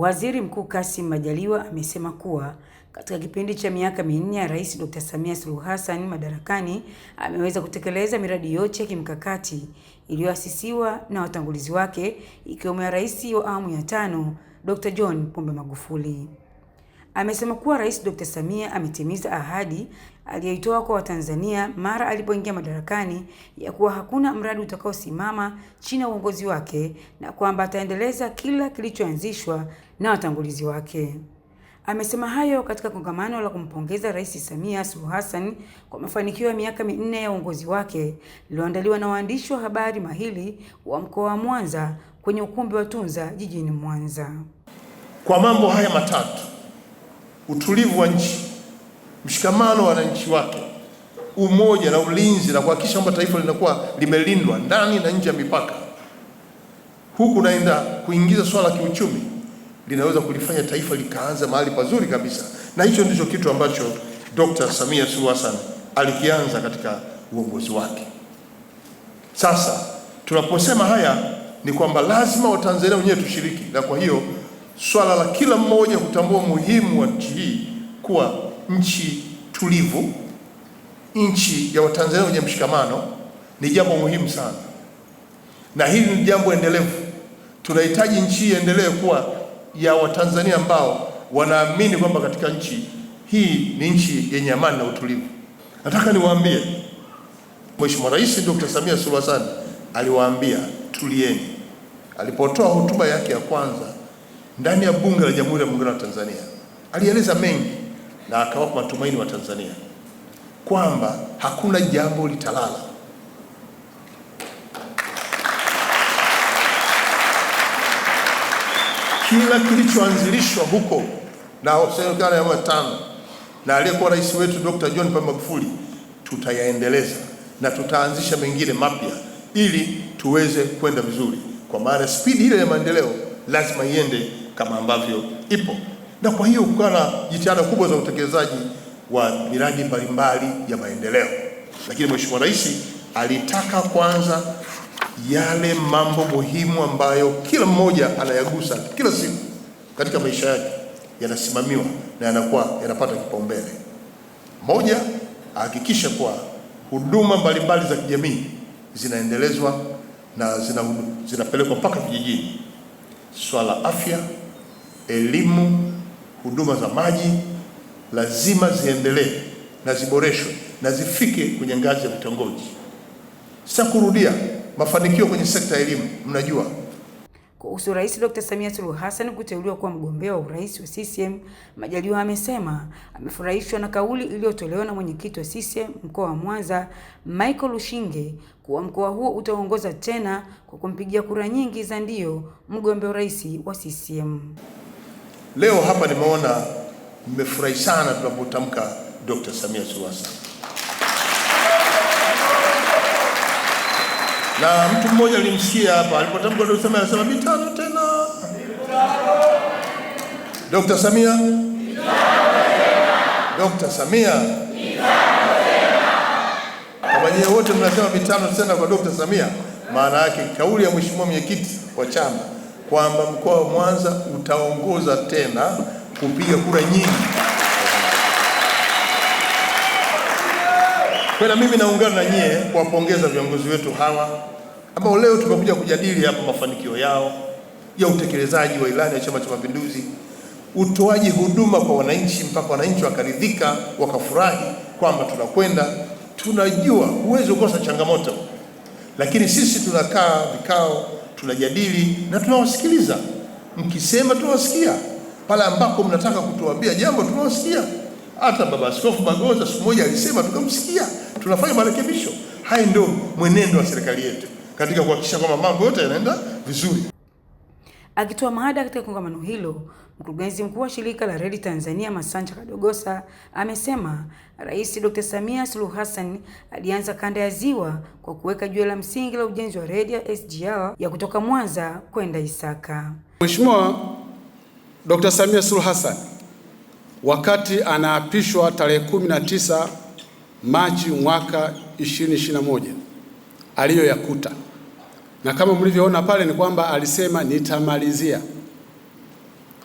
Waziri Mkuu Kassim Majaliwa amesema kuwa katika kipindi cha miaka minne ya Rais Dr. Samia Suluhu Hassan madarakani ameweza kutekeleza miradi yote ya kimkakati iliyoasisiwa na watangulizi wake ikiwemo ya Rais wa awamu ya tano Dr. John Pombe Magufuli. Amesema kuwa Rais Dr. Samia ametimiza ahadi aliyoitoa kwa Watanzania mara alipoingia madarakani ya kuwa hakuna mradi utakaosimama chini ya uongozi wake na kwamba ataendeleza kila kilichoanzishwa na watangulizi wake. Amesema hayo katika kongamano la kumpongeza Rais Samia Suluhu Hassan kwa mafanikio ya miaka minne ya uongozi wake lililoandaliwa na waandishi wa habari mahili wa mkoa wa Mwanza kwenye ukumbi wa Tunza jijini Mwanza. Kwa mambo haya matatu: utulivu wa nchi, mshikamano wa wananchi wake, umoja na ulinzi na kuhakikisha kwamba taifa linakuwa limelindwa ndani na nje ya mipaka, huku naenda kuingiza swala la kiuchumi linaweza kulifanya taifa likaanza mahali pazuri kabisa, na hicho ndicho kitu ambacho Dr. Samia Suluhu Hassan alikianza katika uongozi wake. Sasa tunaposema haya ni kwamba lazima Watanzania wenyewe tushiriki, na kwa hiyo swala la kila mmoja kutambua umuhimu wa nchi hii kuwa nchi tulivu, nchi ya Watanzania wenye mshikamano ni jambo muhimu sana, na hili ni jambo endelevu. Tunahitaji nchi hii iendelee kuwa ya Watanzania ambao wanaamini kwamba katika nchi hii ni nchi yenye amani na utulivu. Nataka niwaambie Mheshimiwa Rais Dr. Samia Suluhu Hassan aliwaambia tulieni, alipotoa hotuba yake ya kwanza ndani ya Bunge la Jamhuri ya Muungano wa Tanzania. Alieleza mengi na akawapa matumaini wa Tanzania kwamba hakuna jambo litalala Kila kilichoanzilishwa huko na serikali ya awamu ya tano na aliyekuwa rais wetu Dr. John Pombe Magufuli tutayaendeleza na tutaanzisha mengine mapya ili tuweze kwenda vizuri, kwa maana spidi ile ya maendeleo lazima iende kama ambavyo ipo, na kwa hiyo kukawa na jitihada kubwa za utekelezaji wa miradi mbalimbali ya maendeleo. Lakini Mheshimiwa Rais alitaka kwanza yale mambo muhimu ambayo kila mmoja anayagusa kila siku katika maisha yake yanasimamiwa na yanakuwa yanapata kipaumbele. Moja, ahakikishe kuwa huduma mbalimbali za kijamii zinaendelezwa na zinapelekwa mpaka vijijini. Swala afya, elimu, huduma za maji lazima ziendelee na ziboreshwe na zifike kwenye ngazi ya vitongoji. Sitakurudia mafanikio kwenye sekta ya elimu mnajua. Kuhusu Rais Dr. Samia Suluhu Hassan kuteuliwa kuwa mgombea wa urais wa CCM, Majaliwa amesema amefurahishwa na kauli iliyotolewa na mwenyekiti wa CCM mkoa wa Mwanza, Michael Lushinge, kuwa mkoa huo utaongoza tena kwa kumpigia kura nyingi za ndio mgombea urais wa CCM. Leo hapa nimeona mmefurahi sana tunapotamka Dr. Samia Suluhu Hassan na mtu mmoja alimsikia hapa alipotamka Samia anasema mitano tena. Dr. Samia Dr. Samia kama wote mnasema mitano tena kwa Dr. Samia, maana yake kauli ya mheshimiwa mwenyekiti wa chama kwamba mkoa wa Mwanza utaongoza tena kupiga kura nyingi. Kwa na mimi naungana na nyie kuwapongeza viongozi wetu hawa ambao leo tumekuja kujadili hapa mafanikio yao ya utekelezaji wa ilani ya Chama cha Mapinduzi, utoaji huduma kwa wananchi mpaka wananchi wakaridhika, wakafurahi kwamba tunakwenda. Tunajua huwezi kukosa changamoto, lakini sisi tunakaa vikao, tunajadili na tunawasikiliza. Mkisema tunawasikia, pale ambapo mnataka kutuambia jambo tunawasikia. Hata baba Askofu Bagonza siku moja alisema, tukamsikia, tunafanya marekebisho. Haya ndio mwenendo wa serikali yetu katika kuhakikisha kwamba mambo yote yanaenda vizuri. Akitoa mada katika kongamano hilo, mkurugenzi mkuu wa shirika la reli Tanzania Masanja Kadogosa amesema Rais Dr. Samia Suluhu Hassan alianza kanda ya Ziwa kwa kuweka jiwe la msingi la ujenzi wa reli ya SGR ya kutoka Mwanza kwenda Isaka. Mheshimiwa Dr. Samia Suluhu Hassan wakati anaapishwa tarehe 19 Machi mwaka 2021 aliyoyakuta, na kama mlivyoona pale ni kwamba alisema nitamalizia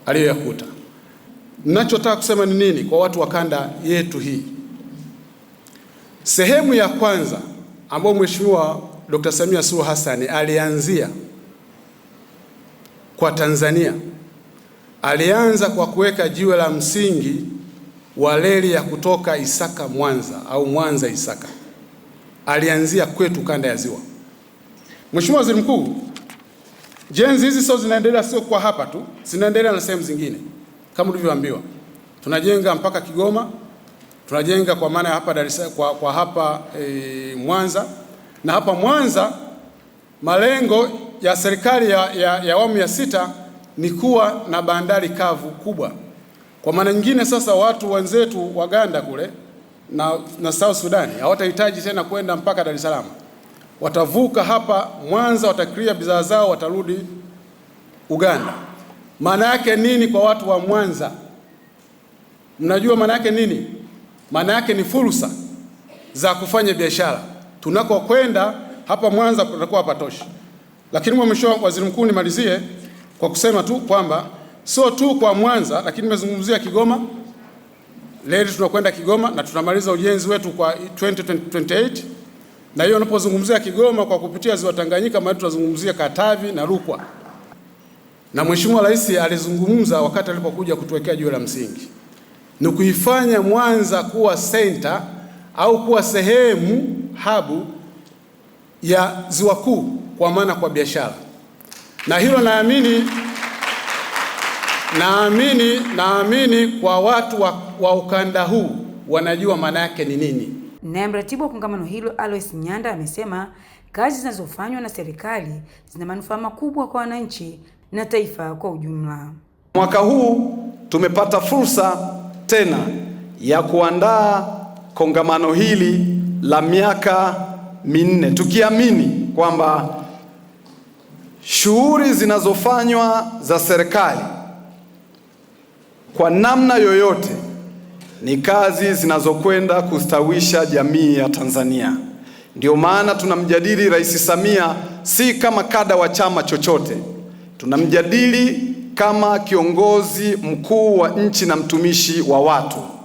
aliyoyakuta. Ninachotaka kusema ni nini kwa watu wa kanda yetu hii? Sehemu ya kwanza ambayo Mheshimiwa Dr. Samia Suluhu Hassan alianzia kwa Tanzania Alianza kwa kuweka jiwe la msingi wa reli ya kutoka Isaka Mwanza au Mwanza Isaka. Alianzia kwetu kanda ya Ziwa. Mheshimiwa Waziri Mkuu, jenzi hizi sio zinaendelea, sio kwa hapa tu, zinaendelea na sehemu zingine kama ulivyoambiwa. Tunajenga mpaka Kigoma, tunajenga kwa maana ya hapa Dar es Salaam kwa, kwa hapa e, Mwanza na hapa Mwanza malengo ya serikali ya awamu ya, ya, ya sita ni kuwa na bandari kavu kubwa. Kwa maana nyingine, sasa watu wenzetu Waganda kule na, na South Sudan hawatahitaji tena kwenda mpaka Dar es Salaam, watavuka hapa Mwanza, watakiria bidhaa zao, watarudi Uganda. Maana yake nini kwa watu wa Mwanza? Mnajua maana yake nini? Maana yake ni fursa za kufanya biashara. Tunakokwenda hapa Mwanza kunakuwa patoshi Lakini Mheshimiwa Waziri Mkuu, nimalizie kwa kusema tu kwamba sio tu kwa Mwanza, lakini nimezungumzia Kigoma. Leo tunakwenda Kigoma na tunamaliza ujenzi wetu kwa 2028 na hiyo unapozungumzia Kigoma kwa kupitia ziwa Tanganyika, maana tunazungumzia Katavi na Rukwa. Na Mheshimiwa Rais alizungumza wakati alipokuja kutuwekea jiwe la msingi ni kuifanya Mwanza kuwa senta au kuwa sehemu habu ya ziwa kuu, kwa maana kwa biashara na hilo naamini naamini naamini kwa watu wa, wa ukanda huu wanajua maana yake ni nini. Naye mratibu wa kongamano hilo Alois Nyanda amesema kazi zinazofanywa na serikali zina manufaa makubwa kwa wananchi na taifa kwa ujumla. Mwaka huu tumepata fursa tena ya kuandaa kongamano hili la miaka minne tukiamini kwamba shughuli zinazofanywa za serikali kwa namna yoyote ni kazi zinazokwenda kustawisha jamii ya Tanzania. Ndio maana tunamjadili Rais Samia si kama kada wa chama chochote, tunamjadili kama kiongozi mkuu wa nchi na mtumishi wa watu.